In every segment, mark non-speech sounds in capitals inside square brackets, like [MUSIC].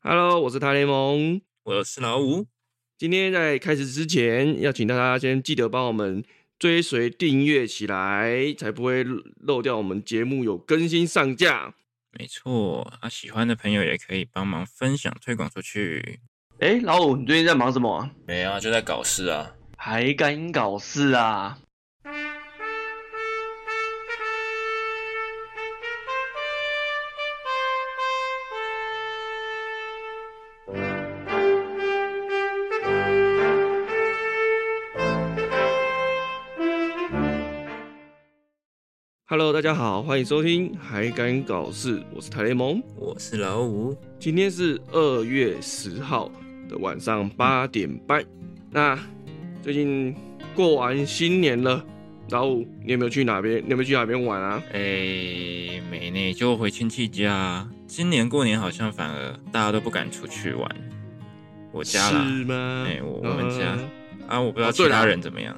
Hello，我是台聯盟，我是老五。今天在開始之前，要請大家先記得幫我們追隨訂閱起來，才不會漏掉我們節目有更新上架。沒錯，啊，喜歡的朋友也可以幫忙分享推廣出去。誒、欸、老五，你最近在忙什麼？沒啊，就在搞事啊。還敢搞事啊？Hello，大家好，歡迎收聽《海敢搞事》，我是台雷蒙，我是老五。今天是二月十號的晚上八點半。嗯、那最近過完新年了，老五，你有沒有去哪邊？你有沒有去哪邊玩啊？哎、欸，沒呢，就回親戚家。今年過年好像反而大家都不敢出去玩。我家啦是嗎、欸我？我們家、嗯、啊，我不知道其他人怎麼樣。哦，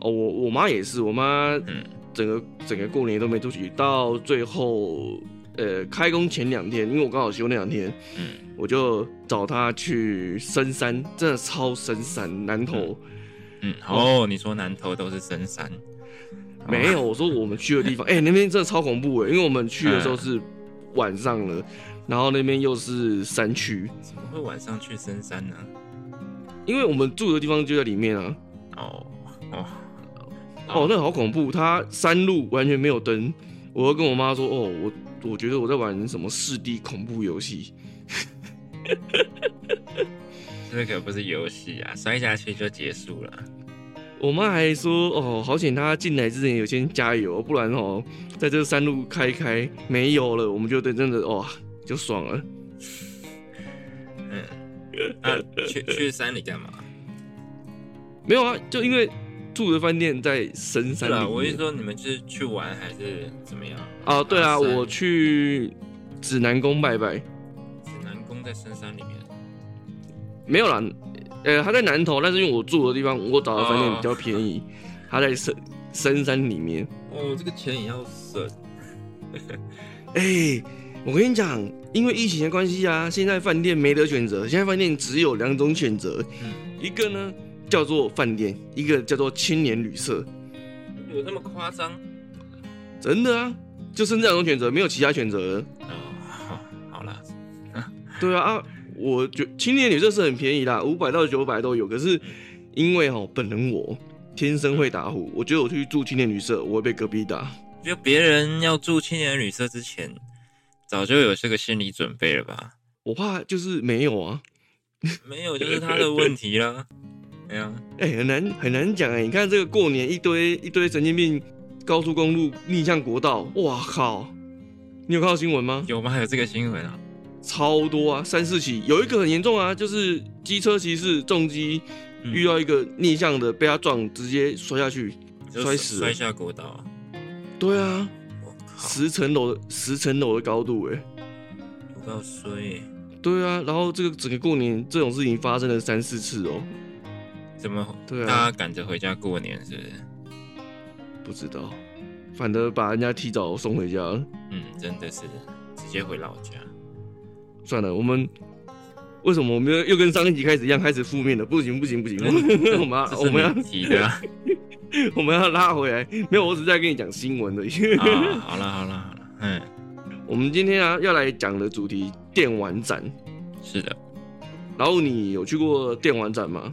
哦，我我媽也是，我媽嗯。整個整個過年都沒出去，到最後，呃，開工前兩天，因為我剛好休那兩天，嗯，我就找他去深山，真的超深山，南投。嗯，哦，Okay. 你說南投都是深山？沒有，我說我們去的地方，哎、哦欸，那邊真的超恐怖哎，因為我們去的時候是晚上了，嗯、然後那邊又是山區，怎麼會晚上去深山呢、啊？因為我們住的地方就在裡面啊。哦哦。哦哦，那好恐怖！它山路完全沒有燈，我又跟我媽說：“哦，我我覺得我在玩什麼四 D 恐怖遊戲。 [LAUGHS] ”那可不是遊戲啊，摔下去就結束了。我媽還說：“哦，好險！他進來之前有先加油，不然哦，在這個山路開開，沒油了，我們就得真的哇、哦，就爽了。”嗯，那去去山裡幹嘛？ [LAUGHS] 沒有啊，就因為。住的飯店在深山裡面。對，我意思說你們是去玩還是怎麼樣？啊、哦，對啊，算我去紫南宮拜拜。紫南宮在深山裡面。沒有啦，呃、欸，他在南投，但是因為我住的地方，我找的飯店比較便宜，哦、他在深深山裡面。哦，這個錢也要省。哎、 [LAUGHS] 欸，我跟你講，因為疫情的關係啊，現在飯店沒得選擇，現在飯店只有兩種選擇，嗯、一個呢，叫做飯店，一個叫做青年旅社。有那麼誇張？真的啊，就剩這兩種選擇，沒有其他選擇。哦、oh, oh,，好了，對啊啊，我覺得青年旅社是很便宜啦，五百到九百都有。可是因為、喔、本人我天生會打呼，我覺得我去住青年旅社，我會被隔壁打。就別人要住青年旅社之前，早就有這個心理準備了吧？我怕就是沒有啊，沒有就是他的問題啦。 [LAUGHS] 哎、欸，很難很難講哎、欸！你看這個過年一堆一堆神經病，高速公路逆向國道，哇靠！你有看到新聞嗎？有嗎？有這個新聞啊？超多啊，三四起。有一個很嚴重啊，就是機車騎士重機，嗯、遇到一個逆向的，被他撞，直接摔下去，摔死，摔下國道、啊。對啊，靠十層樓的十層樓的高度哎、欸，不夠摔、欸。對啊，然後這個整個過年這種事情發生了三四次哦、喔。怎麼？對啊，大家趕着回家過年是不是？不知道，反正把人家提早送回家了。嗯，真的是直接回老家。算了，我們為什麼我們又跟上一集開始一樣開始負面了？不行不行不行！我們 [LAUGHS] 對我們要對我們要的， [LAUGHS] 我們要拉回來。沒有，我只是在跟你講新聞而已。 [LAUGHS] 好了好了好了，嗯，我們今天啊要來講的主題電玩展，是的。然後你有去過電玩展嗎？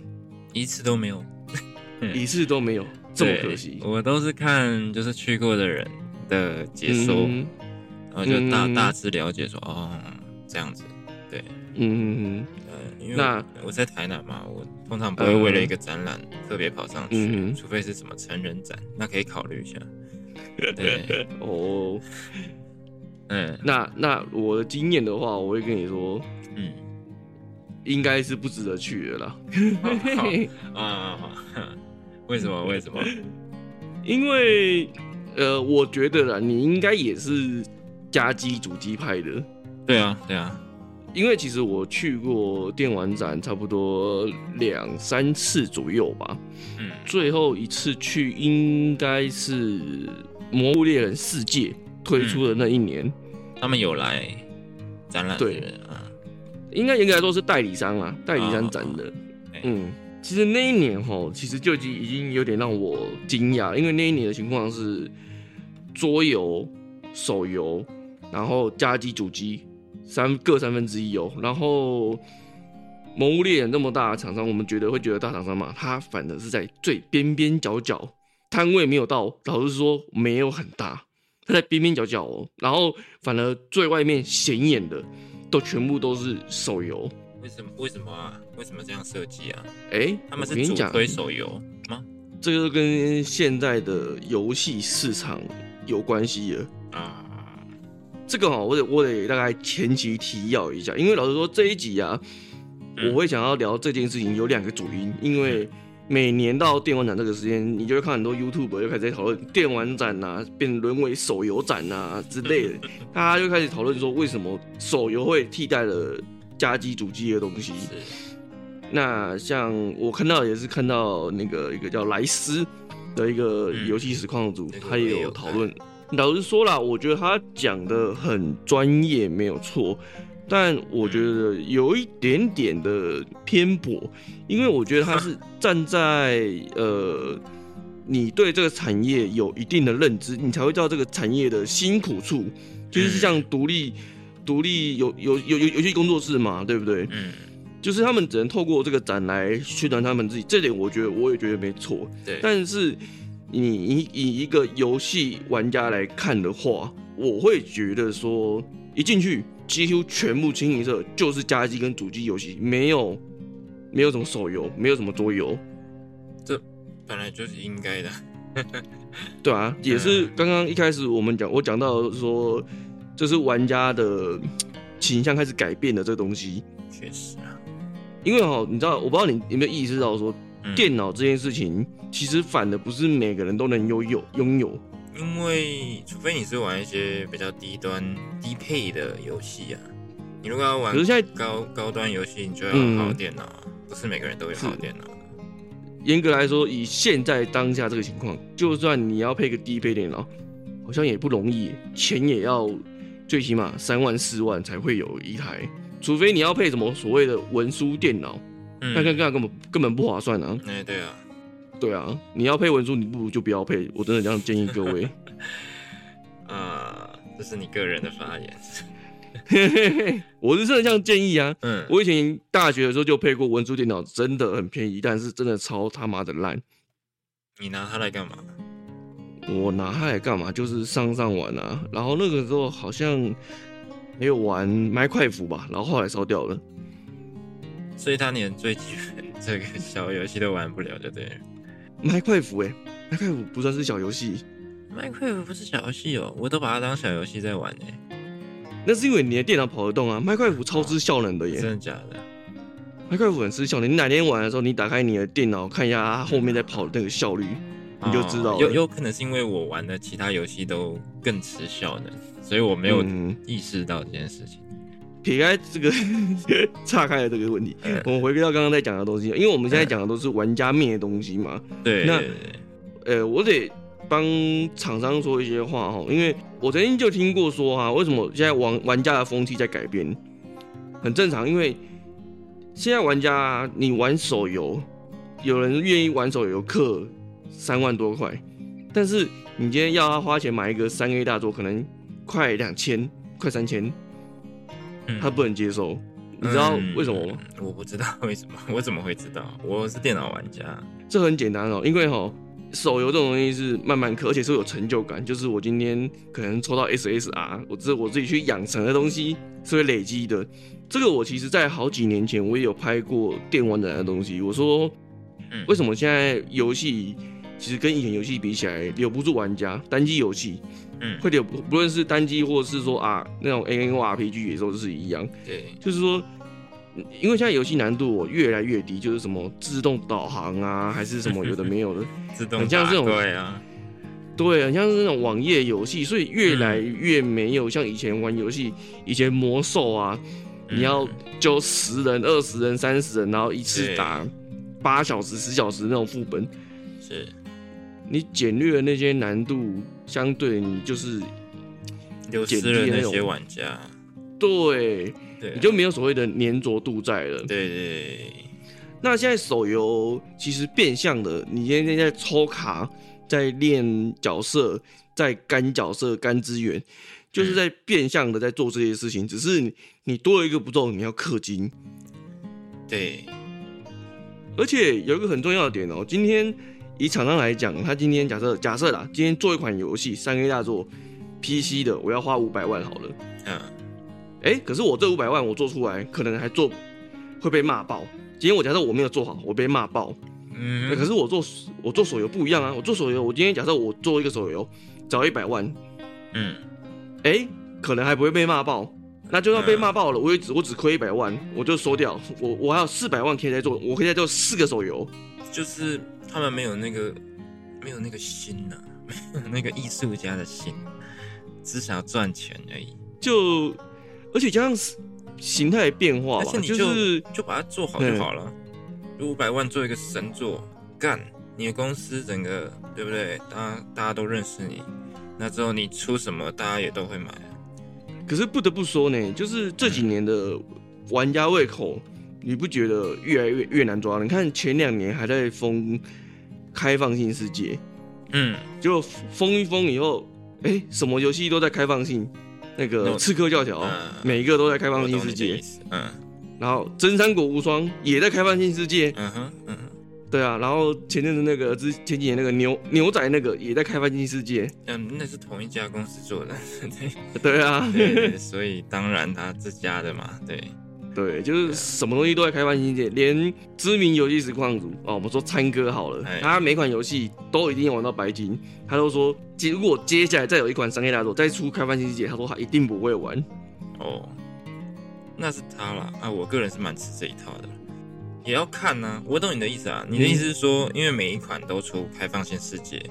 一次都沒有， [LAUGHS] 對一次都沒有，這麼可惜。我都是看就是去過的人的解說，嗯、然後就大、嗯、大致了解說哦這樣子，對，嗯嗯嗯。呃、因為我那我在台南嘛，我通常不會為了一個展覽特別跑上去，呃、除非是什麼成人展，那可以考慮一下。嗯、對，哦，嗯。那那我的經驗的話，我會跟你說，嗯。應該是不值得去的啦。啊，為什麼？為什麼？因為，呃，我覺得啦，你應該也是家機主機派的。對啊，對啊。因為其實我去過電玩展差不多兩三次左右吧。嗯。最後一次去應該是《魔物獵人世界》推出的那一年。嗯。他們有來展覽。對。應該嚴格來說是代理商啊代理商展的。Oh, okay. 嗯，其實那一年吼，其實就已經已經有點讓我驚訝，因為那一年的情況是桌遊、手遊，然後家機、主機三各三分之一哦。然後《魔物獵人》那麼大的廠商，我們覺得會覺得大廠商嘛，它反而是在最邊邊角角攤位沒有到，老實說沒有很大，它在邊邊角角，喔，然後反而最外面顯眼的。都全部都是手遊，為什麼？為什麼啊？為什麼這樣設計啊？哎、欸，他們是主推手遊嗎？這個跟現在的遊戲市場有關係的啊。這個哈，我得我得大概前集提要一下，因為老實說這一集啊，嗯、我會想要聊這件事情有兩個主因，因為。每年到電玩展這個時間，你就會看很多 YouTuber 就開始在討論電玩展吶、啊，變淪為手遊展吶、啊、之類的，大家就開始討論說為什麼手遊會替代了家機主機的東西。是那像我看到也是看到那個一個叫萊斯的一個遊戲實況組，嗯、他也有討論。老實說啦，我覺得他講的很專業，沒有錯。但我覺得有一點點的偏頗，因為我覺得他是站在、啊、呃，你對這個產業有一定的認知，你才會知道這個產業的辛苦處，就是像獨立、獨立遊遊遊遊遊戲工作室嘛，對不對？嗯，就是他們只能透過這個展來宣傳他們自己，這點我覺得我也覺得沒錯。對，但是你以以一個遊戲玩家來看的話，我會覺得說一進去。幾乎全部清一色，就是家機跟主機遊戲，沒有，沒有什麼手遊，沒有什麼桌遊。這本來就是應該的， [LAUGHS] 對啊，也是剛剛一開始我們講，我講到說，這、就是玩家的傾向開始改變的這東西。確實啊，因為哈，你知道，我不知道你有沒有意識到說，說、嗯、電腦這件事情，其實反而不是每個人都能擁有擁有。因為除非你是玩一些比較低端、低配的遊戲啊，你如果要玩，可是現在高高端遊戲你就要好電腦，嗯、不是每個人都有好電腦。嚴格來說，以現在當下這個情況，就算你要配個低配電腦，好像也不容易，錢也要最起碼三萬四萬才會有一台，除非你要配什麼所謂的文書電腦，那那、嗯、根本根本不划算啊。哎、欸，對啊。對啊，你要配文書，你不如就不要配。我真的這樣建議各位。啊、 [LAUGHS] 呃，這是你個人的發言。 [LAUGHS] [LAUGHS] 我是真的這樣建議啊。嗯，我以前大學的時候就配過文書電腦，真的很便宜，但是真的超他媽的爛。你拿它來幹嘛？我拿它來幹嘛？就是上上玩啊。然後那個時候好像沒有玩麥塊服吧，然後後來燒掉了。所以他連最基本這個小遊戲都玩不了，就對。Minecraft 哎，Minecraft 不算是小遊戲。Minecraft 不是小遊戲哦，我都把它當小遊戲在玩哎、欸。那是因為你的電腦跑得動啊，Minecraft 超吃效能的耶、哦。真的假的？Minecraft 很吃效能，你哪天玩的時候，你打開你的電腦看一下它後面在跑的那個效率，哦、你就知道了。有有可能是因為我玩的其他遊戲都更吃效能，所以我沒有意識到這件事情。嗯撇開這個， [LAUGHS] 岔開了這個問題，我們回歸到剛剛在講的東西，因為我們現在講的都是玩家面的東西嘛。對，那呃、欸，我得幫廠商說一些話哈，因為我曾經就聽過說哈、啊，為什麼現在玩玩家的風氣在改變？很正常，因為現在玩家你玩手遊，有人願意玩手遊氪三萬多塊，但是你今天要他花錢買一個三 A 大作，可能快兩千快三千。他不能接受，嗯、你知道為什麼嗎、嗯嗯？我不知道為什麼，我怎麼會知道？我是電腦玩家，這很簡單哦、喔，因為哈、喔，手遊這種東西是慢慢嗑，而且是有成就感，就是我今天可能抽到 SSR，我自我自己去養成的東西是會累積的。這個我其實，在好幾年前我也有拍過電玩的東西，我說，為什麼現在遊戲其實跟以前遊戲比起來留不住玩家？單機遊戲。嗯，會點！不論是單機，或者是說啊，那種 A N, N 或 R P G 也都是一樣。對，就是說，因為現在遊戲難度、喔、越來越低，就是什麼自動導航啊，還是什麼有的沒有的， [LAUGHS] 自動打。很像這種，對啊，對，很像是那種網頁遊戲，所以越來越沒有、嗯、像以前玩遊戲，以前魔獸啊，你要就十人、二十人、三十人，然後一次打八小時、十小時那種副本。是，你簡略了那些難度。相對你就是有私人的那些玩家，對，你就沒有所謂的粘着度在了。對對，那現在手遊其實變相的，你天天在抽卡，在練角色，在肝角色肝資源，就是在變相的在做這些事情。只是你你多了一個步驟，你要氪金。對。而且有一個很重要的點哦、喔，今天。以廠商來講，他今天假設假設啦，今天做一款遊戲三 A 大作，PC 的，我要花五百萬好了。嗯，哎、欸，可是我這五百萬我做出來，可能還做會被罵爆。今天我假設我沒有做好，我被罵爆。嗯、欸，可是我做我做手遊不一樣啊，我做手遊，我今天假設我做一個手遊，找一百萬，嗯，哎、欸，可能還不會被罵爆。那就算被罵爆了，我也只我只虧一百萬，我就收掉。我我還有四百萬可以再做，我可以再做四個手遊，就是。他們沒有那個，沒有那個心呢、啊，沒有那個藝術家的心，只想要賺錢而已。就，而且加上形態變化，而且你就、就是、就把它做好就好了。嗯、五百萬做一個神作，幹！你的公司整個，對不對？大家大家都認識你，那之後你出什麼，大家也都會買。可是不得不說呢，就是這幾年的玩家胃口，你不覺得越來越越難抓了？你看前兩年還在封開放性世界，嗯，就封一封以後，哎、欸，什麼遊戲都在開放性那個刺客教條，呃、每一個都在開放性世界，嗯，然後真三國無雙也在開放性世界，嗯，嗯哼，嗯，對啊，然後前陣子那個之前幾年那個牛牛仔那個也在開放性世界，嗯，那是同一家公司做的， [LAUGHS] 對，對啊，所以當然他自家的嘛，對。對，就是什麼東西都在開放性世界，連知名遊戲實況主哦，我們說參哥好了，嘿他每款遊戲都一定要玩到白金，他都說，如果接下來再有一款商業大作再出開放性世界，他說他一定不會玩。哦，那是他了啊，我個人是蠻吃這一套的，也要看呢、啊。我懂你的意思啊，你的意思是說，嗯、因為每一款都出開放性世界，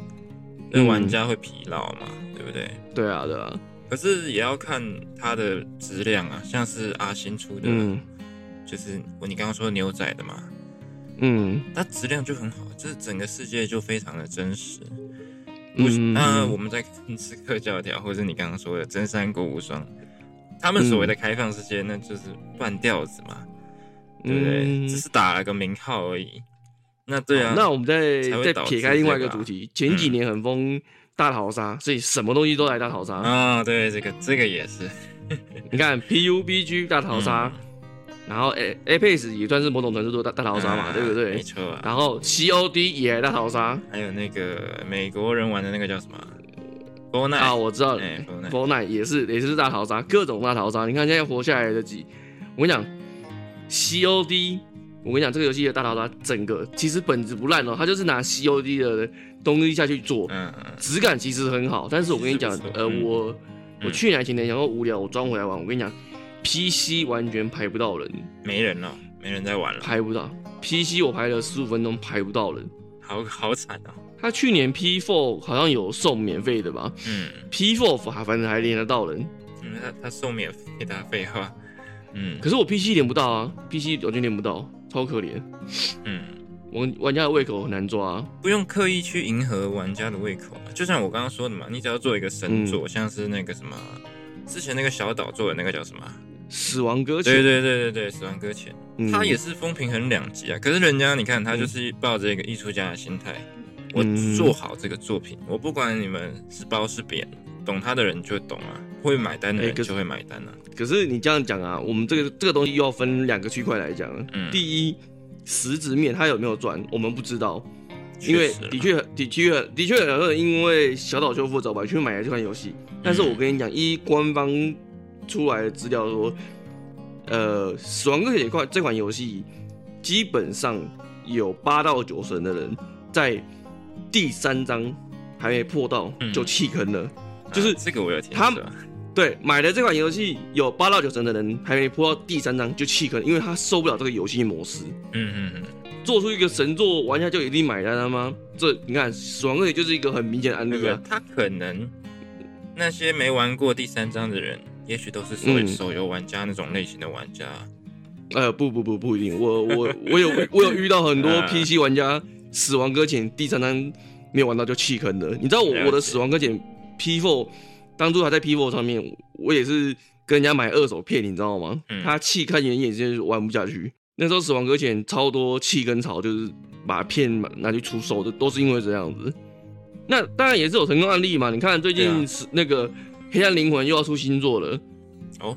那、嗯、玩家會疲勞嘛，對不對？對啊，對啊。可是也要看它的質量啊，像是阿星出的，嗯、就是你剛剛說牛仔的嘛，嗯，它質量就很好，這整個世界就非常的真實。嗯、那我們在看《刺客教條》或者你剛剛說的《真三國無雙》，他們所謂的開放世界，嗯、那就是半吊子嘛，對不對？嗯、只是打了個名號而已。那對啊，啊那我們再再撇開另外一個主題，前吧幾年很瘋，嗯。大逃殺，所以什麼東西都來大逃殺啊、哦！對，這個這個也是。 [LAUGHS] 你看 PUBG 大逃殺，嗯、然後 A Apex 也算是某種程度都大，大逃殺嘛，啊、對不對？沒錯、啊、然後 COD 也來大逃殺，還有那個美國人玩的那個叫什麼？呃 Fortnite 啊，我知道，了。欸、Fortnite 也是也是大逃殺，各種大逃殺。你看現在活下來的幾，我跟你講，COD。CO D, 我跟你講，這個遊戲的大逃殺整個其實本質不爛哦、喔，他就是拿 COD 的東西下去做，嗯，質、嗯、感其實很好。但是我跟你講，呃，嗯、我、嗯、我去年前年想講說無聊，我裝回來玩。我跟你講，PC 完全排不到人，沒人了，沒人在玩了，排不到。PC 我排了十五分鐘，排不到人，好好慘啊、哦！他去年 P4 好像有送免費的吧？嗯，P4 反正還連得到人，因為、嗯、他他送免費大費哈。嗯，可是我 PC 連不到啊，PC 完全連不到。超可憐，嗯，玩玩家的胃口很難抓、啊，不用刻意去迎合玩家的胃口、啊。就像我剛剛說的嘛，你只要做一個神作，嗯、像是那個什麼之前那個小島做的那個叫什麼死亡擱淺，對對對對對，死亡擱淺，嗯、他也是風評很兩極啊。可是人家你看，他就是抱着一個藝術家的心態，我做好這個作品，我不管你們是褒是貶。懂他的人就懂啊，會買單的人就會買單了、啊、欸。可是你這樣講啊，我們這個這個東西又要分兩個區塊來講。嗯、第一，實質面他有沒有賺，我們不知道，因為的確的確的確很多人因為小島秀夫早吧、嗯、去買了這款遊戲。嗯、但是我跟你講，一官方出來的資料說，呃，《死亡擱淺》塊這款遊戲基本上有八到九成的人在第三章還沒破到就棄坑了。嗯啊、就是這個，我有聽他 [LAUGHS] 對，買了這款遊戲有八到九成的人還沒破到第三章就棄坑，因為他受不了這個遊戲模式。嗯，嗯嗯，做出一個神作，玩家就一定買單了嗎？這你看《死亡擱淺》就是一個很明顯的案例、啊。他可能那些沒玩過第三章的人，也許都是所謂手遊玩家那種類型的玩家。呃，不不不，不一定。我我我有我有遇到很多 PC 玩家《 [LAUGHS] 啊、死亡擱淺》第三章沒有玩到就棄坑的。你知道我解我的《死亡擱淺》。P4 當初還在 P4 上面，我也是跟人家買二手片，你知道嗎？嗯、他氣看一眼，眼睛就是玩不下去。那時候死亡擱淺超多氣跟潮，就是把片拿去出售的，都是因為這樣子。那當然也是有成功案例嘛。你看最近是、啊、那個黑暗靈魂又要出新作了，哦，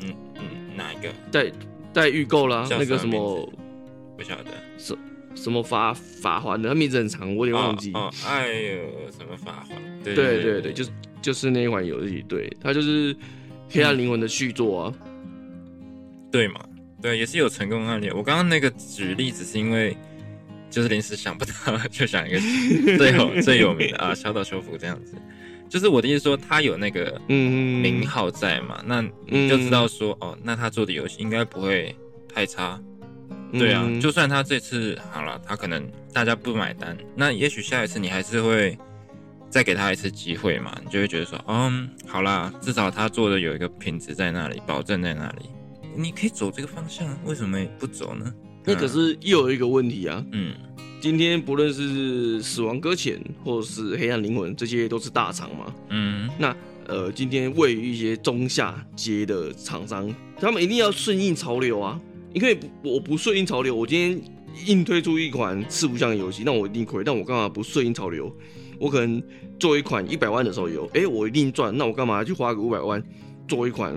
嗯嗯，哪一個？在在預購啦，麼那個什麼？不曉得。什麼法法環的，他名字很長，我有點忘記哦。哦，哎呦，什麼法環？對，對對對，對對對就就是那一款遊戲，對，它就是《黑暗靈魂》的續作、啊嗯。對嘛？對，也是有成功的案例。我剛剛那個舉例只是因為就是臨時想不到，就想一個最後 [LAUGHS] 最有名的啊，《小島秀夫》這樣子。就是我的意思說，他有那個嗯名號在嘛，嗯、那就知道說、嗯、哦，那他做的遊戲應該不會太差。對啊，就算他這次好了，他可能大家不買單，那也許下一次你還是會再給他一次機會嘛，你就會覺得說，哦，好啦，至少他做的有一個品質在那裡，保證在那裡，你可以走這個方向，為什麼不走呢？那可是又有一個問題啊，嗯，今天不論是死亡擱淺或是黑暗靈魂，這些都是大廠嘛，嗯，那呃，今天位於一些中下階的廠商，他們一定要順應潮流啊。你可以，我不順應潮流，我今天硬推出一款四不像的遊戲，那我一定虧。但我幹嘛不順應潮流？我可能做一款一百萬的手遊，哎、欸，我一定賺。那我幹嘛去花個五百萬做一款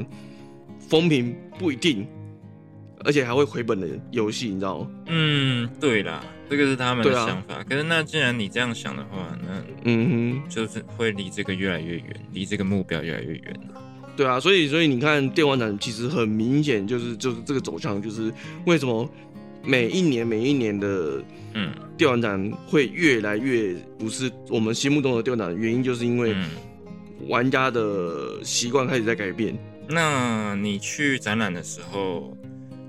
風評不一定，而且還會回本的遊戲？你知道嗎？嗯，對啦，這個是他們的想法。啊、可是那既然你這樣想的話，那嗯哼，就是會離這個越來越遠，離這個目標越來越遠對啊，所以所以你看，電玩展其實很明顯就是就是這個走向，就是為什麼每一年每一年的嗯電玩展會越來越不是我們心目中的電玩展，原因就是因為玩家的習慣開始在改變。那你去展覽的時候，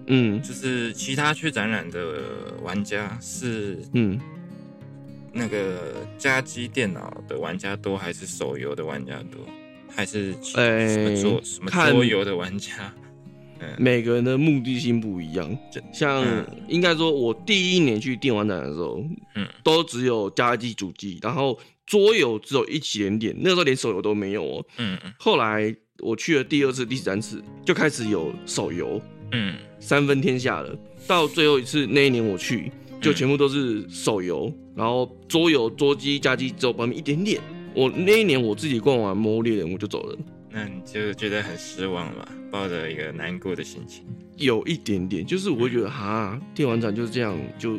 嗯，就是其他去展覽的玩家是嗯那個家機電腦的玩家多還是手遊的玩家多？還是去什,什麼桌什麼桌遊的玩家？欸嗯、每個人的目的性不一樣。像應該說，我第一年去電玩展的時候，嗯，都只有家機、主機，然後桌遊只有一起點點，那個、時候連手遊都沒有哦、喔。嗯嗯。後來我去了第二次、第三次，就開始有手遊，嗯，三分天下了。到最後一次那一年我去，就全部都是手遊，然後桌遊、桌機、家機只有旁邊一點點。我那一年我自己逛完《魔物獵人》我就走了，那你就覺得很失望吧？抱着一個難過的心情，有一點點，就是我會覺得哈、嗯，電玩展就是這樣，就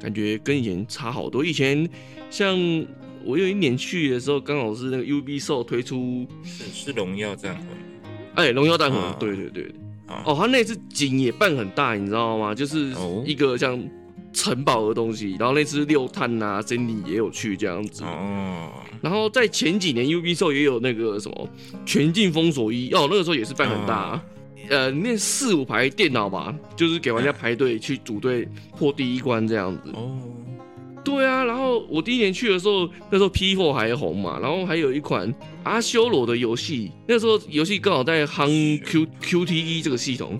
感覺跟以前差好多。以前像我有一年去的時候，剛好是那個 UB Show 推出，是是《榮耀戰魂》欸。哎，《榮耀戰魂》哦、對對對，哦，哦，他那次景也辦很大，你知道嗎？就是一個像。哦城堡的東西，然後那次六探啊，珍妮也有去這樣子哦。Oh. 然後在前幾年，UBC 也有那個什麼全境封鎖一，哦，那個時候也是辦很大，oh. 呃，那四五排電腦吧，就是給玩家排隊去組隊破第一關這樣子哦。Oh. 對啊，然後我第一年去的時候，那時候 P4 還紅嘛，然後還有一款阿修羅的遊戲，那時候遊戲剛好在夯 Q QTE 這個系統。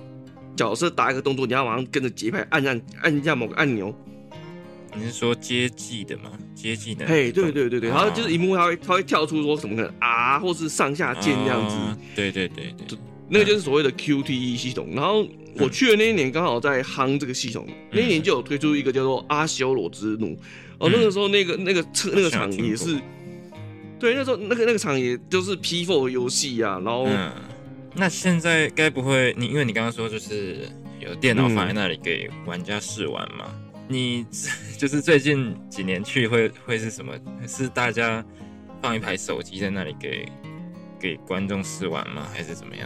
角色打一個動作，你要往上跟着節拍按按按一下某個按鈕。你是說接技的嗎？接技的，嘿，hey, 對對對對，哦、然後就是螢幕它，他會它會跳出說什麼可能啊，或是上下鍵那樣子、哦。對對對對，那個就是所謂的 QTE 系統。然後我去的那一年剛好在夯這個系統，嗯、那一年就有推出一個叫做《阿修羅之怒》哦。那個時候那個那個車那個廠、那個、也是，對，那時候那個那個廠也就是 P4 遊戲啊，然後。嗯那現在該不會你，因為你剛剛說就是有電腦放在那裡給玩家試玩嘛？嗯、你就是最近幾年去會會是什麼？是大家放一排手機在那裡給給觀眾試玩嗎？還是怎麼樣？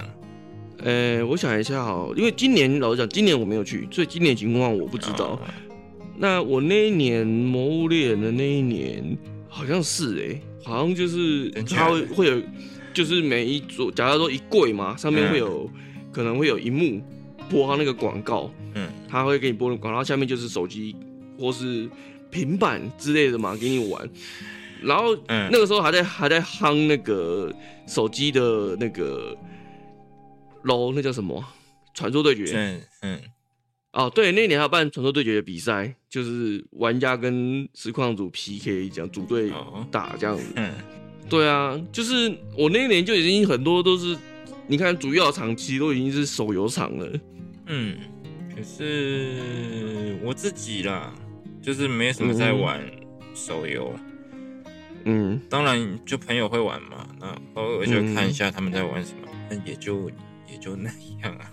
呃、欸，我想一下哦。因為今年老實講，今年我沒有去，所以今年情況我不知道。嗯、那我那一年《魔物獵人》的那一年，好像是誒、欸，好像就是它、嗯、會有。嗯就是每一組，假如說一櫃嘛，上面會有、嗯、可能會有螢幕播他那個廣告嗯，嗯，他會給你播的廣告，然後下面就是手機或是平板之類的嘛，給你玩。然後、嗯、那個時候還在還在夯那個手機的那個樓，OW, 那叫什麼？傳說對決，嗯嗯，哦、oh, 對，那年還辦傳說對決的比賽，就是玩家跟實況主 PK 這樣組隊打這樣子，嗯。嗯對啊，就是我那一年就已經很多都是，你看主要場，其實都已經是手遊場了。嗯，可是我自己啦，就是沒什麼在玩手遊。嗯，當然就朋友會玩嘛，然後偶爾就看一下他們在玩什麼，嗯、但也就也就那樣啊。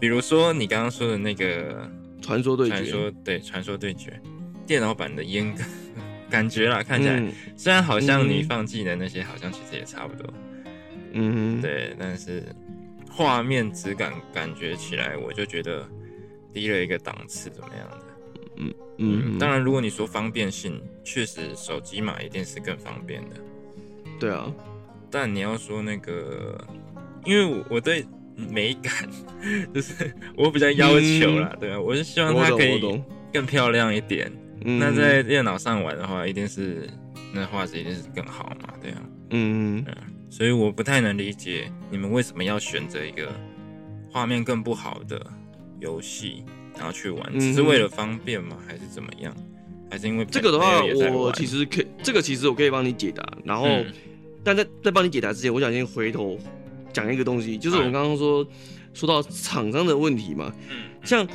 比如說你剛剛說的那個《傳說對決》傳，對《傳說對決》，電腦版的閹割。感覺啦，看起來、嗯、雖然好像你放技能那些，好像其實也差不多，嗯哼，對，但是畫面質感感覺起來，我就覺得低了一個檔次，怎麼樣的？嗯嗯。對嗯哼當然，如果你說方便性，確實手機嘛一定是更方便的。對啊，但你要說那個，因為我我對美感，就是我比較要求啦，嗯、對啊，我是希望它可以更漂亮一點。嗯、那在電腦上玩的話，一定是那畫質一定是更好嘛，對呀、啊。嗯，嗯，所以我不太能理解你們為什麼要選擇一個畫面更不好的遊戲，然後去玩，嗯、只是為了方便嗎？還是怎麼樣？還是因為這個的話，我其實可以，可以，這個其實我可以幫你解答。然後，嗯、但在在幫你解答之前，我想先回頭講一個東西，就是我們剛剛說、啊、說到廠商的問題嘛，像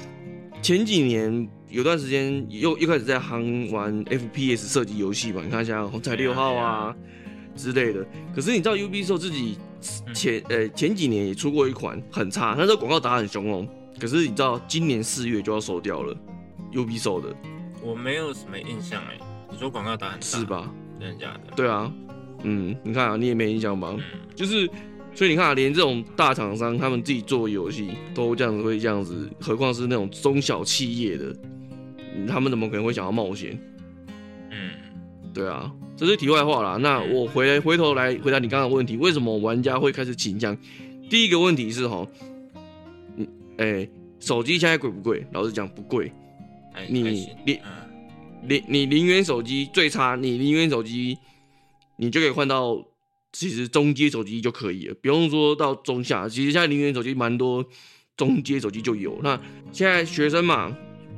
前幾年。有段時間又又開始在夯玩 FPS 射擊遊戲吧，你看像《虹彩六號啊》啊，啊之類的。可是你知道 Ubisoft 自己前呃、欸、前幾年也出過一款很差，那這廣告打很凶哦。可是你知道今年四月就要收掉了 Ubisoft 的，我沒有什麼印象哎、欸。你說廣告打很差是吧？真的假的？對啊，嗯，你看啊，你也沒印象吧？ [LAUGHS] 就是。所以你看啊，連這種大廠商他們自己做遊戲都這樣子會這樣子，何況是那種中小企業的，他們怎麼可能會想要冒險？嗯，對啊，這是題外話啦，那我回回頭來回答你剛剛的問題，為什麼玩家會開始傾向？第一個問題是吼，嗯，哎，手機現在貴不貴？老實講不貴，你你你你零元手機最差，你零元手機你就可以換到。其實中階手機就可以了，不用說到中下。其實現在零元手機蠻多，中階手機就有。那現在學生嘛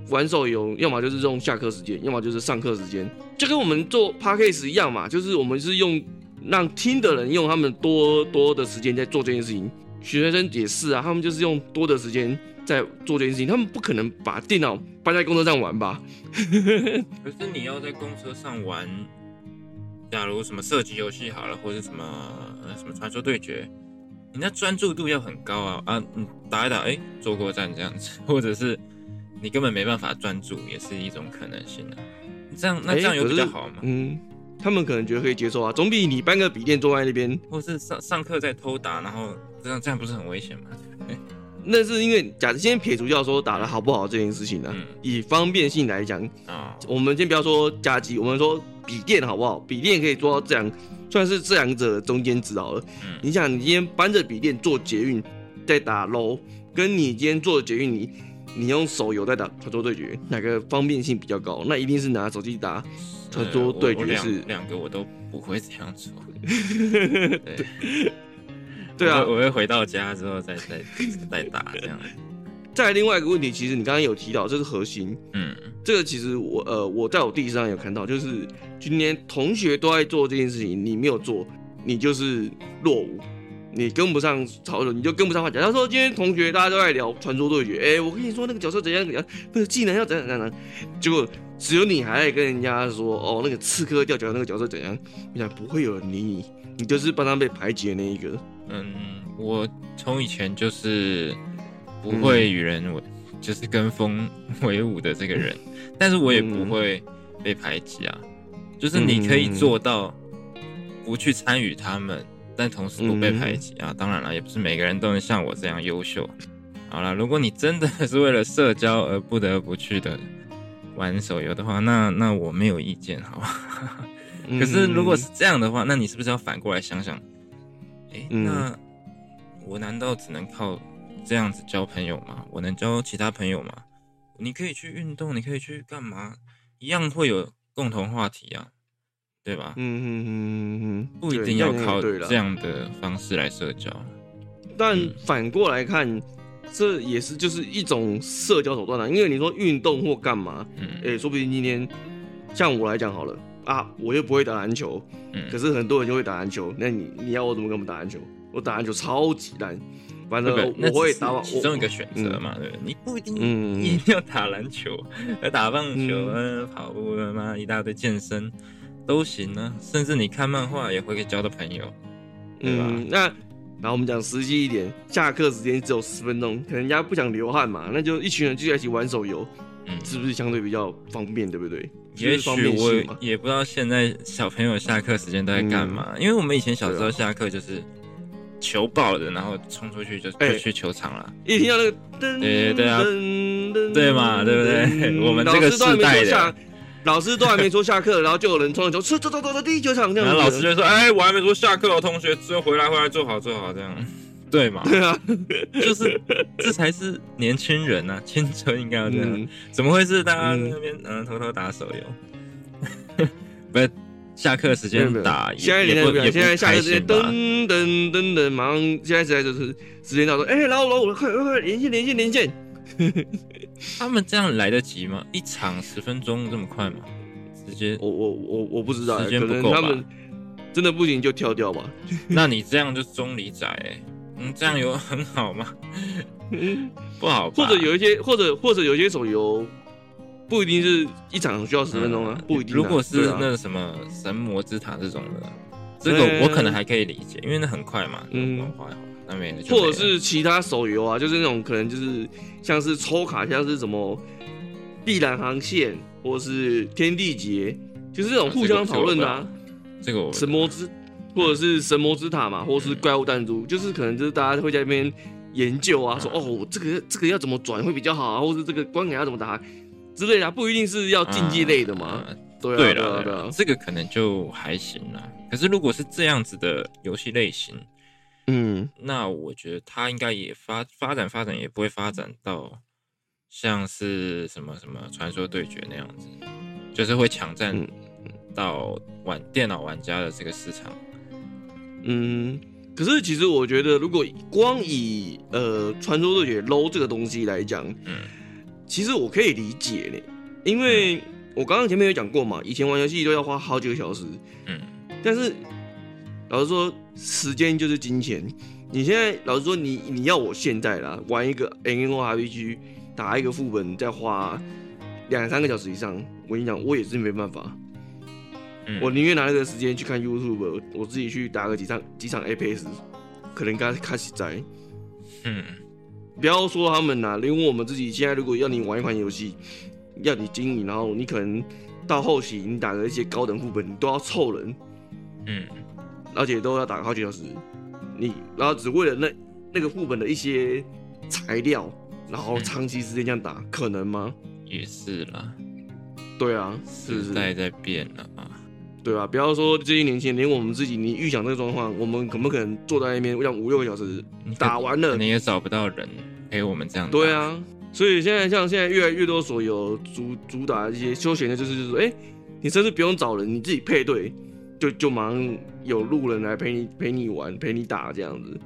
玩手遊，要麼就是用下課時間，要麼就是上課時間。就跟我們做 Podcast 一樣嘛，就是我們是用讓聽的人用他們多多的時間在做這件事情。學生也是啊，他們就是用多的時間在做這件事情。他們不可能把電腦搬在公車上玩吧？ [LAUGHS] 可是你要在公車上玩。假如什麼射擊遊戲好了，或者什麼什麼傳說對決，你那專注度要很高啊啊、嗯！打一打，哎、欸，坐過站這樣子，或者是你根本沒辦法專注，也是一種可能性啊。這樣那這樣有比較好嗎、欸？嗯，他們可能覺得可以接受啊，總比你搬個筆電坐在那邊，或是上上課在偷打，然後這樣這樣不是很危險嗎？欸、那是因為，假如今天撇除掉說打得好不好這件事情呢、啊，嗯、以方便性來講，啊、哦，我們先不要說家機，我們說。筆電好不好？筆電可以做到這樣，算是這兩者的中間值好了。嗯，你想，你今天搬着筆電坐捷運，在打 LOL，跟你今天坐捷運，你你用手遊在打傳說對決，哪個方便性比較高？那一定是拿手機打傳說對決是。兩個我都不會這樣做。對啊，我會回到家之後再再再打這樣 [LAUGHS] 再來另外一個問題，其實你剛剛有提到，這是核心。嗯，這個其實我呃，我在我第一印象有看到，就是今天同學都在做這件事情，你沒有做，你就是落伍，你跟不上潮流，你就跟不上發展。他說今天同學大家都在聊傳說對決，哎、欸，我跟你說那個角色怎樣怎樣，那個技能要怎樣怎樣，結果只有你還在跟人家說哦，那個刺客掉角，那個角色怎樣？我想不會有人理你，你就是幫他被排擠那一個。嗯，我從以前就是。不會與人為，嗯、就是跟風為伍的這個人，但是我也不會被排擠啊。嗯、就是你可以做到不去參與他們，嗯、但同時不被排擠啊。嗯、當然了，也不是每個人都能像我這樣優秀。好了，如果你真的是為了社交而不得不去的玩手遊的話，那那我沒有意見，好吧。 [LAUGHS] 可是如果是這樣的話，那你是不是要反過來想想？誒，那、嗯、我難道只能靠？這樣子交朋友嗎？我能交其他朋友嗎？你可以去運動，你可以去幹嘛，一樣會有共同話題啊，對吧？嗯嗯嗯嗯，不一定要靠這樣的方式來社交。但，嗯、但反過來看，這也是就是一種社交手段啊。因為你說運動或幹嘛，誒、嗯欸，說不定今天像我來講好了啊，我又不會打籃球，嗯、可是很多人就會打籃球。那你你要我怎麼跟我們打籃球？我打籃球超級爛。反正我也打，我其中一個選擇嘛，對你不一定一定要打籃球，打棒球，啊，跑步，啊，那一大堆健身都行啊。甚至你看漫畫也會交到朋友，對吧？那然後我們講實際一點，下課時間只有十分鐘，可人家不想流汗嘛，那就一群人聚在一起玩手遊，嗯，是不是相對比較方便，對不對？也許也不知道現在小朋友下課時間都在幹嘛，因為我們以前小時候下課就是。球爆了，然後衝出去就就去球場了。欸、一聽到那個，噔對對對啊，對嘛，對不對？我們老師 這個時代的都還沒老師都還沒說下課，然後就有人衝 [LAUGHS] 出「走，走走走走，第一球場這樣，這樣。然後老師就說：“哎、欸，我還沒說下課，同學，之後回來回來，坐好坐好，這樣，對嘛？對啊， [LAUGHS] 就是這才是年輕人啊，青春應該要這樣。嗯、怎麼會是大家在那邊嗯，嗯偷偷打手遊？”呵， [LAUGHS] 別。下課時間打一下，有不現在不現在下課時間噔噔噔噔忙，現在時間到說，哎、欸，老五老五快快快連線連線連線 [LAUGHS] 他們這樣來得及嗎？一場十分鐘這麼快嗎？時間我我我我不知道、欸，時間不夠他們真的不行就跳掉吧？ [LAUGHS] 那你這樣就中離仔、欸，嗯，這樣有很好嗎？ [LAUGHS] 不好吧或者有一些或者或者有一些手遊。不一定是一場需要十分鐘啊，嗯、不一定。如果是那個什麼神魔之塔這種的，啊嗯、這個我可能還可以理解，因為那很快嘛，快好嗯，很那邊或者是其他手遊啊，就是那種可能就是像是抽卡，像是什麼碧藍航線，或是天地劫，就是這種互相討論的。這個、這個、神魔之，或者是神魔之塔嘛，或是怪物彈珠，嗯、就是可能就是大家會在那邊研究啊，嗯、說哦，這個這個要怎麼轉會比較好，啊，或者這個關卡要怎麼打。之類的、啊，不一定是要競技類的嘛，啊啊啊，對的、啊，對啊對啊，這個可能就還行了。可是如果是這樣子的遊戲類型，嗯，那我覺得它應該也發發展發展也不會發展到像是什麼什麼傳說對決那樣子，就是會搶佔到玩電腦玩家的這個市場。嗯，可是其實我覺得，如果光以呃傳說對決 low 這個東西來講，嗯。其實我可以理解嘞，因為我剛剛前面有講過嘛，以前玩遊戲都要花好幾個小時。嗯，但是老實說，時間就是金錢。你現在老實說你，你你要我現在啦，玩一個 MMORPG，打一個副本，再花兩三個小時以上。我跟你講，我也是沒辦法。嗯，我寧願拿這個時間去看 YouTube，我自己去打個幾場幾場 FPS，可能更，更實在，嗯。不要說他們吶、啊，連我們自己現在，如果要你玩一款遊戲，要你經營，然後你可能到後期你打的一些高等副本，你都要湊人，嗯，而且都要打好幾小時，你然後只為了那那個副本的一些材料，然後長期時間這樣打，嗯、可能嗎？也是啦，對啊，時代在變了嘛，對啊，不要說這些年輕人，連我們自己，你預想那個狀況，我們可不可能坐在那邊，我想五六個小時打完了、啊，你也找不到人。陪我們這樣子。對啊，所以現在像現在越來越多手遊主主打一些休閒的，就是就是說，哎、欸，你甚至不用找人，你自己配對，就就馬上有路人來陪你陪你玩陪你打這樣子。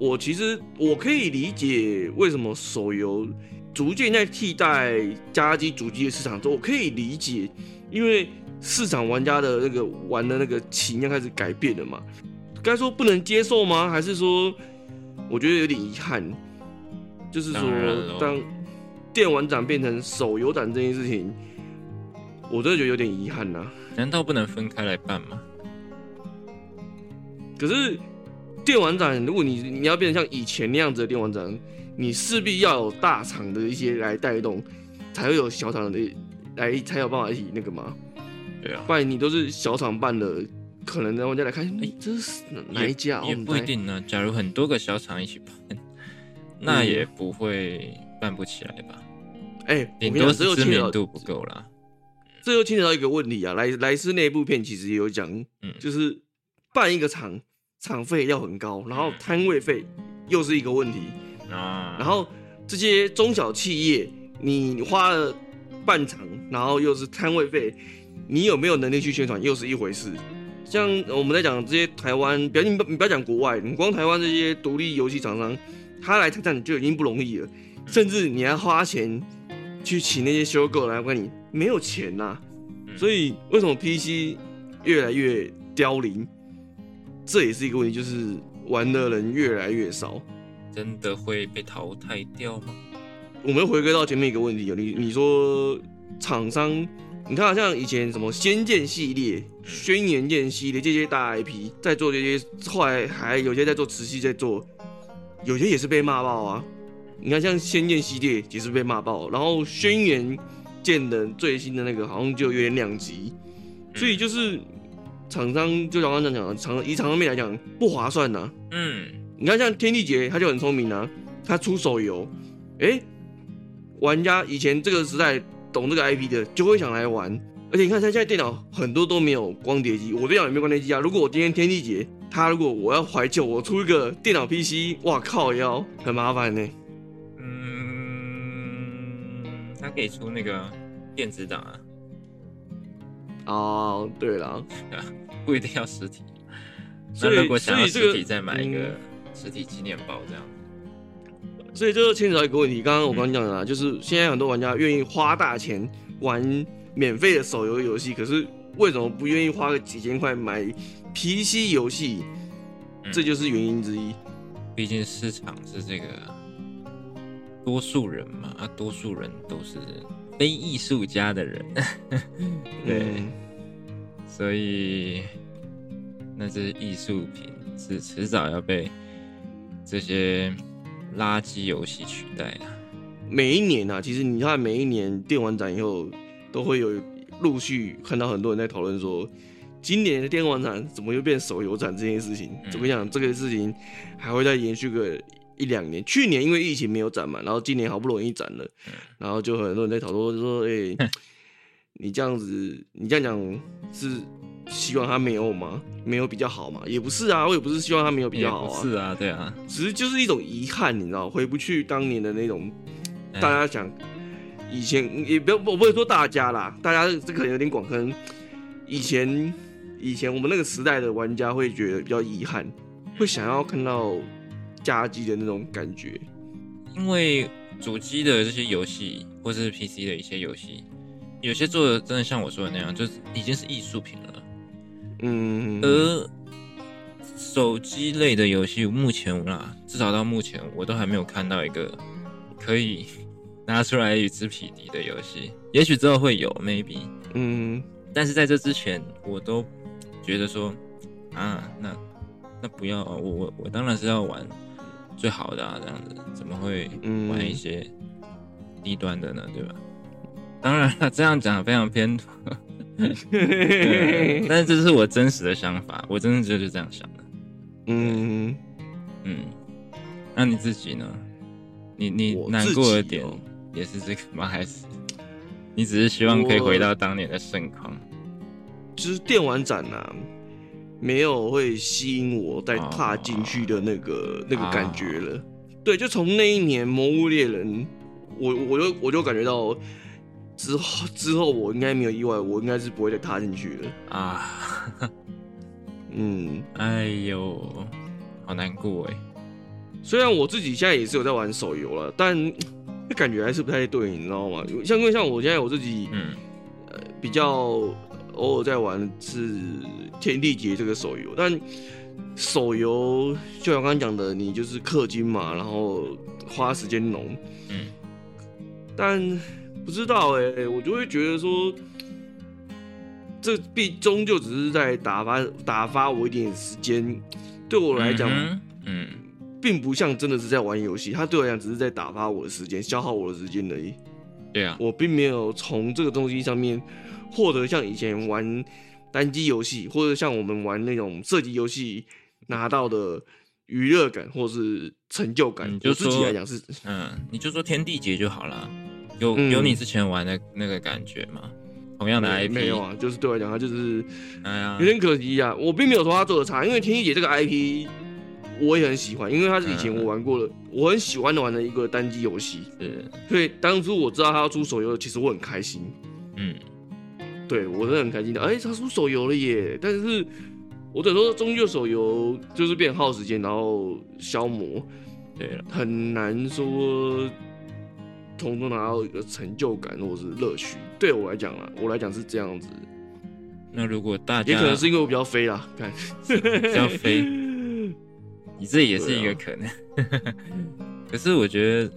我其實我可以理解為什麼手遊逐漸在替代家機主機的市場之後，我可以理解，因為市場玩家的那個玩的那個傾向開始改變了嘛。該說不能接受嗎？還是說我覺得有點遺憾？就是說，當，當電玩展變成手遊展這件事情，我真的覺得有點遺憾吶、啊。難道不能分開來辦嗎？可是電玩展，如果你你要變成像以前那樣子的電玩展，你勢必要有大廠的一些來帶動，才會有小廠的來才有辦法一起那個嗎？對啊。不然你都是小廠辦的，可能那我們來看，欸、這是哪一家？也，也不一定呢、啊。哦、假如很多個小廠一起辦。那也不會辦不起來吧？哎、欸，很多時候知名度不夠啦、欸。這又牽扯到一個問題啊。萊萊斯那部片其實也有講，嗯、就是辦一個場，場費要很高，然後攤位費又是一個問題啊。嗯、然後這些中小企業，你花了半場，然後又是攤位費，你有沒有能力去宣傳又是一回事。像我們在講這些台灣，你不要你不要講國外，你光台灣這些獨立遊戲廠商。他來挑戰你就已經不容易了，甚至你要花錢去請那些修狗來問你，沒有錢吶、啊。所以為什麼 PC 越來越凋零？這也是一個問題，就是玩的人越來越少。真的會被淘汰掉嗎？我們回歸到前面一個問題，你你說廠商，你看好像以前什麼《仙劍》系列、《軒轅劍》系列這些大 IP，在做這些，後來還有些在做持續在做。有些也是被罵爆啊！你看像《仙劍》系列也是被罵爆，然後《軒轅劍》的最新的那個好像就有點兩極，所以就是廠商就剛剛這樣講，廠以廠方面來講不划算吶、啊。嗯，你看像《天地劫》，他就很聰明啊，他出手遊，哎，玩家以前這個時代懂這個 IP 的就會想來玩，而且你看他現在電腦很多都沒有光碟機，我電腦有沒有光碟機啊？如果我今天《天地劫》。他如果我要懷舊，我出一個電腦 PC，哇，靠腰，很麻煩呢。嗯，他可以出那個電子檔啊。哦、oh，對了，不一定要實體。所以那如果想要實體，實體，這個，再買一個實體紀念包這樣，嗯。所以這就牽扯到一個問題，剛剛我剛講的，嗯、就是現在很多玩家願意花大錢玩免費的手遊遊戲，可是為什麼不願意花個幾千塊買？PC 遊戲，這就是原因之一。嗯、畢竟市場是這個多數人嘛，啊，多數人都是非藝術家的人， [LAUGHS] 對，嗯、所以那只藝術品是遲早要被這些垃圾遊戲取代啊。每一年啊，其實你看每一年電玩展以後，都會有陸續看到很多人在討論說。今年的電玩展怎麼又變手遊展這件事情？嗯、怎麼講？這個事情還會再延續個一兩年。去年因為疫情沒有展嘛，然後今年好不容易展了，嗯、然後就很多人在討論，就說：“哎、欸， [LAUGHS] 你這樣子，你這樣講是希望他沒有嗎？沒有比較好嘛？也不是啊，我也不是希望他沒有比較好啊。是啊，對啊，只是就是一種遺憾，你知道，回不去當年的那種。大家想、欸啊、以前，也不要我不會說大家啦，大家這個可能有點廣，可能以前。以前我們那個時代的玩家會覺得比較遺憾，會想要看到家機的那種感覺。因為主機的這些遊戲或者是 PC 的一些遊戲，有些做的真的像我說的那樣，就是已經是藝術品了。嗯，嗯，嗯。而手機類的遊戲，目前啊，至少到目前，我都還沒有看到一個可以拿出來與之匹敵的遊戲。也許之後會有，maybe。嗯，嗯。但是在這之前，我都。覺得說，啊，那那不要，哦、我我我當然是要玩最好的啊，這樣子怎麼會玩一些低端的呢？嗯，對吧？當然了，這樣講非常偏土 [LAUGHS] 吧， [LAUGHS] 嗯，但是這是我真實的想法，我真的就是這樣想的。嗯嗯，那你自己呢？你你難過的點，哦、也是這個嗎？還是你只是希望可以回到當年的盛況？就是電玩展吶、啊，沒有會吸引我再踏進去的那個那個感覺了。對，就從那一年《魔物獵人》，我我就我就感覺到之後之後我應該沒有意外，我應該是不會再踏進去了啊。嗯，哎呦，好難過哎。雖然我自己現在也是有在玩手遊了，但感覺還是不太對，你知道嗎？像因為像我現在我自己，嗯，比較。偶爾在玩是《天地劫》這個手遊，但手遊就像剛剛講的，你就是氪金嘛，然後花時間弄。嗯、但不知道哎、欸，我就會覺得說，這必終究只是在打發打發我一點時間。對我來講、嗯，嗯，並不像真的是在玩遊戲。他對我來講，只是在打發我的時間，消耗我的時間而已。對啊。我並沒有從這個東西上面。獲得像以前玩單機遊戲，或者像我們玩那種射擊遊戲拿到的娛樂感，或是成就感，就自己來講是嗯，你就說天地劫就好了，有、嗯、有你之前玩的那個感覺嗎？同樣的 IP 沒，沒有啊，就是對我來講，它就是哎呀，有點可惜啊。我並沒有說他做的差，因為天地劫這個 IP 我也很喜歡，因為他是以前我玩過的，嗯、我很喜歡玩的一個單機遊戲。對是，所以當初我知道他要出手遊，其實我很開心。嗯。對我是很開心的，哎、欸，它出手遊了耶！但是，我等於說，終究手遊就是變耗時間，然後消磨，哎了，很難說從中拿到一個成就感或者是樂趣。對我來講啊，我來講是這樣子。那如果大家也可能是因為我比較飛啦，看， [LAUGHS] 比較飛，你這也是一個可能。啊、 [LAUGHS] 可是我覺得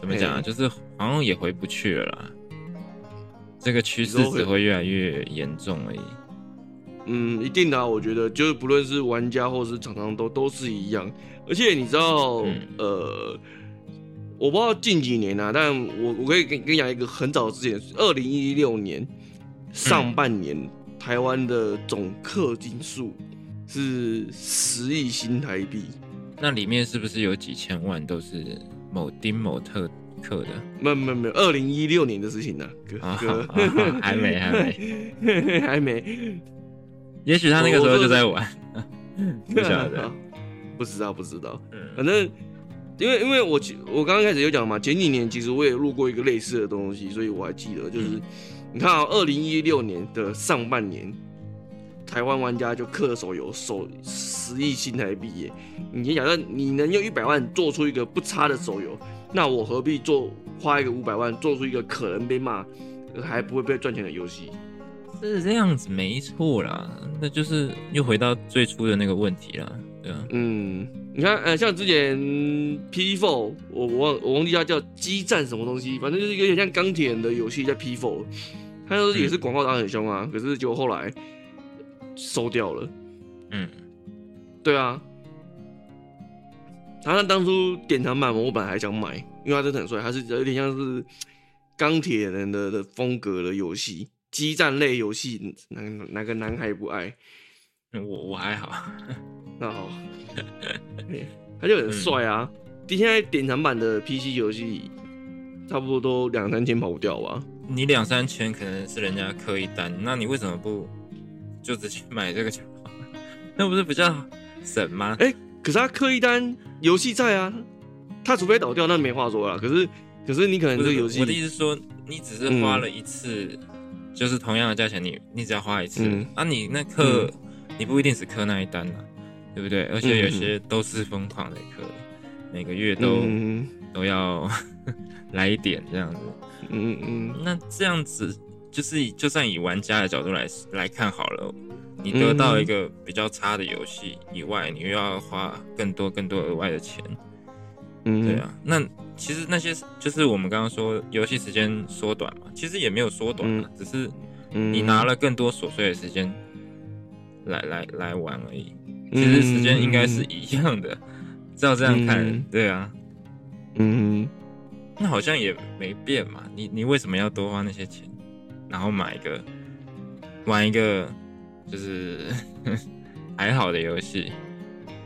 怎麼講啊，嘿就是好像也回不去了啦。.這個趨勢只會越來越嚴重而、欸、已。嗯，一定的、啊，我覺得就是不論是玩家或是廠商都都是一樣。而且你知道，嗯、呃，我不知道近幾年啊，但我我可以跟你講一個很早之前，二零一六年上半年、嗯、台灣的總氪金數是十億新台幣。那裡面是不是有幾千萬都是某丁某特？氪的，沒沒沒，二零一六年的事情呢，啊、哥哥還沒還沒還沒，還沒還沒也許他那個時候就在玩，啊啊、不曉得，不知道不知道，嗯、反正因為因為我我剛剛開始有講嘛，前幾年其實我也錄過一個類似的東西，所以我還記得，就是、嗯、你看啊，二零一六年的上半年，台灣玩家就氪手遊收十億新台幣耶，你想到你能用一百萬做出一個不差的手遊？嗯那我何必做花一個五百萬做出一個可能被罵，還不會被賺錢的遊戲？是這樣子，沒錯啦。那就是又回到最初的那個問題了，對啊。嗯，你看，呃、欸，像之前 P four，我我忘我忘記它叫激戰什麼東西，反正就是有點像鋼鐵人的遊戲，叫 P four，它就是也是廣告打得很兇啊，嗯、可是結果後來收掉了。嗯，對啊。他那當初典藏版我本來還想買，因為他真的很帥，他是有點像是鋼鐵人的的風格的遊戲，激戰類遊戲，哪哪個男孩不愛？我我還好，那好， [LAUGHS] 他就很帥啊！你、嗯、現在典藏版的 PC 遊戲，差不多都兩三千跑不掉吧？你兩三千可能是人家課一單，那你為什麼不就直接買這個就？ [LAUGHS] 那不是比較省嗎？哎、欸。可是他課一單遊戲在啊，他除非倒掉那沒話說了。可是，可是你可能這個遊戲我的意思說，你只是花了一次，嗯、就是同樣的價錢，你你只要花一次、嗯、啊，你那課，嗯、你不一定只課那一單對不對？而且有些都是瘋狂的課。嗯、每個月都、嗯、都要 [LAUGHS] 來一點這樣子。嗯嗯，嗯，那這樣子就是，就算以玩家的角度來來看好了，你得到一個比較差的遊戲以外，嗯、哼你又要花更多更多額外的錢，嗯哼，對啊。那其實那些就是我們剛剛說遊戲時間縮短嘛，其實也沒有縮短，啊，嗯、哼只是你拿了更多瑣碎的時間來來來玩而已。其實時間應該是一樣的，嗯、哼照這樣看，對啊，嗯哼，那好像也沒變嘛。你你為什麼要多花那些錢，然後買一個玩一個？就是 [LAUGHS] 還好的遊戲，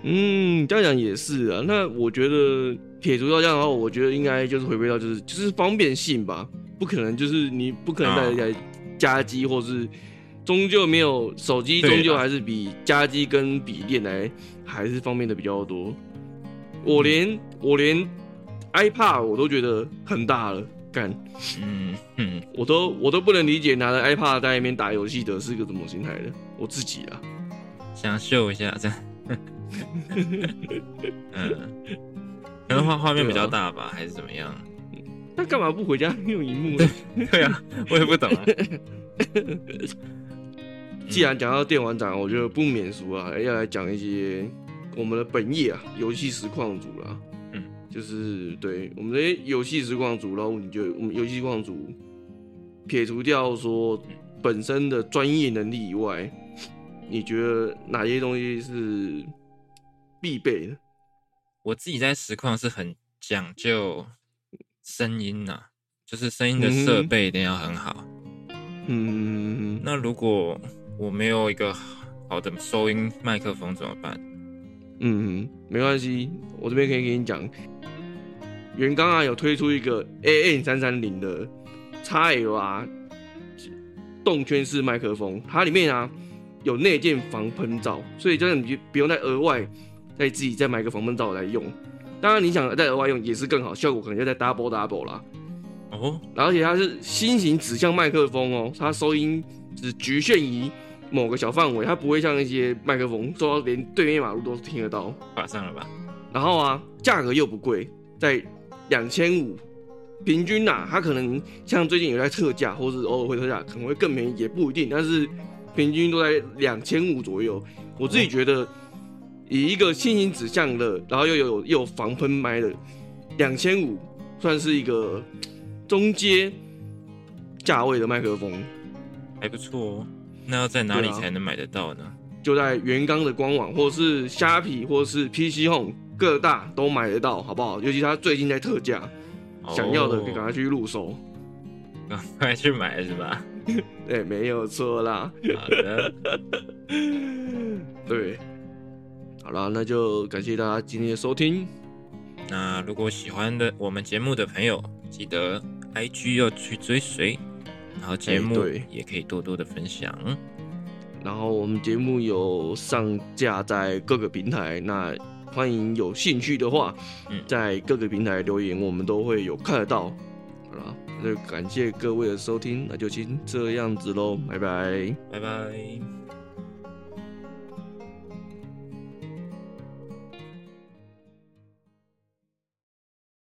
嗯，這樣講也是啊。那我覺得撇除掉這樣的話，我覺得應該就是回歸到就是就是方便性吧。不可能就是你不可能人在家機，啊、或是終究沒有手機，終究還是比家機跟筆電來還是方便的比較多。吧我連我連 iPad 我都覺得很大了，幹、嗯，嗯嗯，我都我都不能理解拿着 iPad 在一邊打遊戲的是個什麼心態的。我自己啊，想秀一下，這樣， [LAUGHS] [LAUGHS] 嗯，可能畫畫面比較大吧，對啊、還是怎麼樣？那幹嘛不回家用熒幕呢？對， [LAUGHS] 對啊，我也不懂啊。 [LAUGHS] 嗯、既然講到電玩展，我覺得不免俗啊，要來講一些我們的本業啊，遊戲實況主了。嗯，就是對我們這些遊戲實況主，然後你就我們遊戲實況主，撇除掉說本身的專業能力以外。你覺得哪些東西是必備的？我自己在實況是很講究聲音吶、啊，就是聲音的設備一定要很好。嗯哼，那如果我沒有一個好的收音麥克風怎麼辦？嗯，沒關係，我這邊可以跟你講，圓剛啊有推出一個 AM 三三零的 XLR 動圈式麥克風，它裡面啊。有內建防噴罩，所以就算你就不用再額外再自己再買一個防噴罩來用。當然你想再額外用也是更好，效果可能就再 double double 了。哦，而且它是心形指向麥克風哦、喔，它收音只局限於某個小範圍，它不會像一些麥克風收到連對面馬路都聽得到。划算、啊、了吧？然後啊，價格又不貴，在兩千五，平均吶、啊，它可能像最近有在特價，或是偶爾會特價，可能會更便宜，也不一定。但是。平均都在兩千五左右，我自己覺得以一個心型指向的，然後又有又有防噴麥的兩千五算是一個中階價位的麥克風，還不錯哦。那要在哪裡才能買得到呢？啊、就在圓剛的官網，或者是蝦皮，或者是 PC Home 各大都買得到，好不好？尤其他最近在特價，哦、想要的可以趕快去入手，趕快去買了是吧？ [LAUGHS] 對、欸，沒有錯啦。好的、啊， [LAUGHS] 對，好了，那就感謝大家今天的收聽。那如果喜歡的我們節目的朋友，記得 IG 要去追隨，然後節目也可以多多的分享。欸、然後我們節目有上架在各個平台，那歡迎有興趣的話，嗯、在各個平台留言，我們都會有看得到。好了。那就感謝各位的收聽，那就先這樣子嘍，拜拜，拜拜。